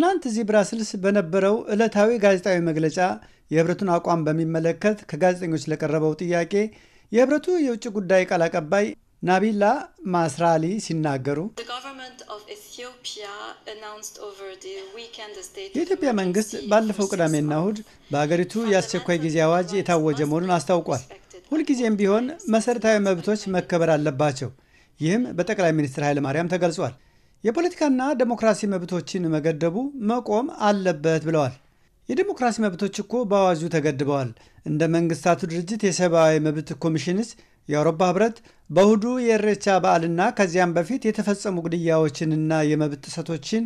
ትናንት እዚህ ብራስልስ በነበረው ዕለታዊ ጋዜጣዊ መግለጫ የህብረቱን አቋም በሚመለከት ከጋዜጠኞች ለቀረበው ጥያቄ የህብረቱ የውጭ ጉዳይ ቃል አቀባይ ናቢላ ማስራሊ ሲናገሩ የኢትዮጵያ መንግስት ባለፈው ቅዳሜና እሁድ በአገሪቱ የአስቸኳይ ጊዜ አዋጅ የታወጀ መሆኑን አስታውቋል። ሁልጊዜም ቢሆን መሠረታዊ መብቶች መከበር አለባቸው። ይህም በጠቅላይ ሚኒስትር ኃይለማርያም ተገልጿል። የፖለቲካና ዴሞክራሲ መብቶችን መገደቡ መቆም አለበት ብለዋል። የዴሞክራሲ መብቶች እኮ በአዋጁ ተገድበዋል። እንደ መንግስታቱ ድርጅት የሰብአዊ መብት ኮሚሽንስ የአውሮፓ ህብረት በእሁዱ የእሬቻ በዓልና ከዚያም በፊት የተፈጸሙ ግድያዎችንና የመብት ጥሰቶችን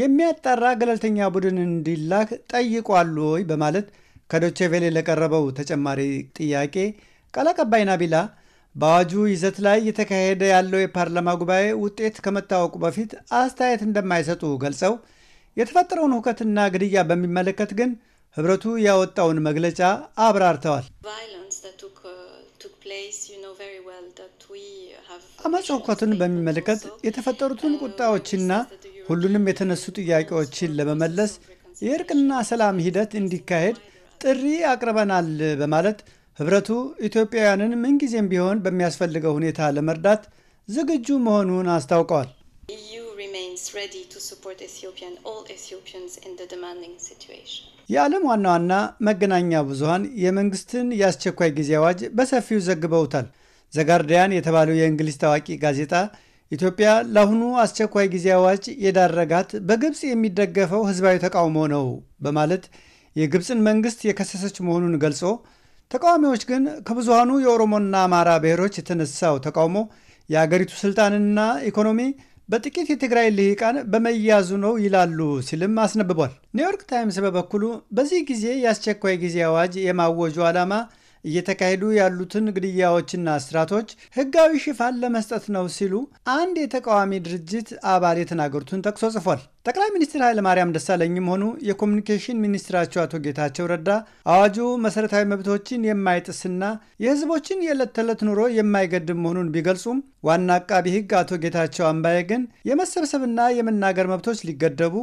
የሚያጣራ ገለልተኛ ቡድን እንዲላክ ጠይቋል ወይ በማለት ከዶቼቬሌ ለቀረበው ተጨማሪ ጥያቄ ቃል አቀባይ ናቢላ በአዋጁ ይዘት ላይ እየተካሄደ ያለው የፓርላማ ጉባኤ ውጤት ከመታወቁ በፊት አስተያየት እንደማይሰጡ ገልጸው የተፈጠረውን ሁከትና ግድያ በሚመለከት ግን ህብረቱ ያወጣውን መግለጫ አብራርተዋል። uh, አመፅ ሁከቱን በሚመለከት የተፈጠሩትን ቁጣዎችና ሁሉንም የተነሱ ጥያቄዎችን ለመመለስ የእርቅና ሰላም ሂደት እንዲካሄድ ጥሪ አቅርበናል በማለት ህብረቱ ኢትዮጵያውያንን ምንጊዜም ቢሆን በሚያስፈልገው ሁኔታ ለመርዳት ዝግጁ መሆኑን አስታውቀዋል። የዓለም ዋና ዋና መገናኛ ብዙሃን የመንግስትን የአስቸኳይ ጊዜ አዋጅ በሰፊው ዘግበውታል። ዘጋርዲያን የተባለው የእንግሊዝ ታዋቂ ጋዜጣ ኢትዮጵያ ለአሁኑ አስቸኳይ ጊዜ አዋጅ የዳረጋት በግብፅ የሚደገፈው ህዝባዊ ተቃውሞ ነው በማለት የግብፅን መንግስት የከሰሰች መሆኑን ገልጾ ተቃዋሚዎች ግን ከብዙሃኑ የኦሮሞና አማራ ብሔሮች የተነሳው ተቃውሞ የአገሪቱ ስልጣንና ኢኮኖሚ በጥቂት የትግራይ ልሂቃን በመያዙ ነው ይላሉ ሲልም አስነብቧል። ኒውዮርክ ታይምስ በበኩሉ በዚህ ጊዜ የአስቸኳይ ጊዜ አዋጅ የማወጁ ዓላማ እየተካሄዱ ያሉትን ግድያዎችና እስራቶች ህጋዊ ሽፋን ለመስጠት ነው ሲሉ አንድ የተቃዋሚ ድርጅት አባል የተናገሩትን ጠቅሶ ጽፏል። ጠቅላይ ሚኒስትር ኃይለማርያም ደሳለኝም ሆኑ የኮሚኒኬሽን ሚኒስትራቸው አቶ ጌታቸው ረዳ አዋጁ መሰረታዊ መብቶችን የማይጥስና የህዝቦችን የዕለት ተዕለት ኑሮ የማይገድብ መሆኑን ቢገልጹም ዋና አቃቢ ህግ አቶ ጌታቸው አምባዬ ግን የመሰብሰብና የመናገር መብቶች ሊገደቡ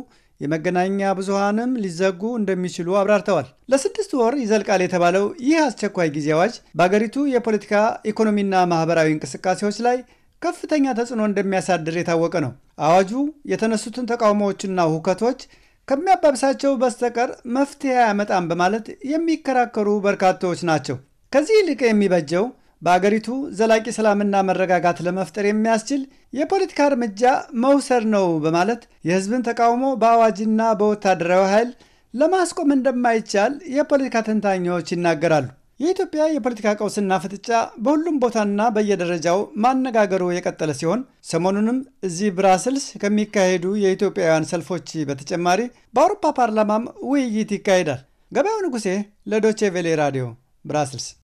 የመገናኛ ብዙሃንም ሊዘጉ እንደሚችሉ አብራርተዋል። ለስድስት ወር ይዘልቃል የተባለው ይህ አስቸኳይ ጊዜ አዋጅ በአገሪቱ የፖለቲካ ኢኮኖሚና ማህበራዊ እንቅስቃሴዎች ላይ ከፍተኛ ተጽዕኖ እንደሚያሳድር የታወቀ ነው። አዋጁ የተነሱትን ተቃውሞዎችና ሁከቶች ከሚያባብሳቸው በስተቀር መፍትሄ አያመጣም በማለት የሚከራከሩ በርካታዎች ናቸው። ከዚህ ይልቅ የሚበጀው በአገሪቱ ዘላቂ ሰላምና መረጋጋት ለመፍጠር የሚያስችል የፖለቲካ እርምጃ መውሰድ ነው በማለት የህዝብን ተቃውሞ በአዋጅና በወታደራዊ ኃይል ለማስቆም እንደማይቻል የፖለቲካ ተንታኞች ይናገራሉ። የኢትዮጵያ የፖለቲካ ቀውስና ፍጥጫ በሁሉም ቦታና በየደረጃው ማነጋገሩ የቀጠለ ሲሆን ሰሞኑንም እዚህ ብራስልስ ከሚካሄዱ የኢትዮጵያውያን ሰልፎች በተጨማሪ በአውሮፓ ፓርላማም ውይይት ይካሄዳል። ገበያው ንጉሴ ለዶቼ ቬሌ ራዲዮ ብራስልስ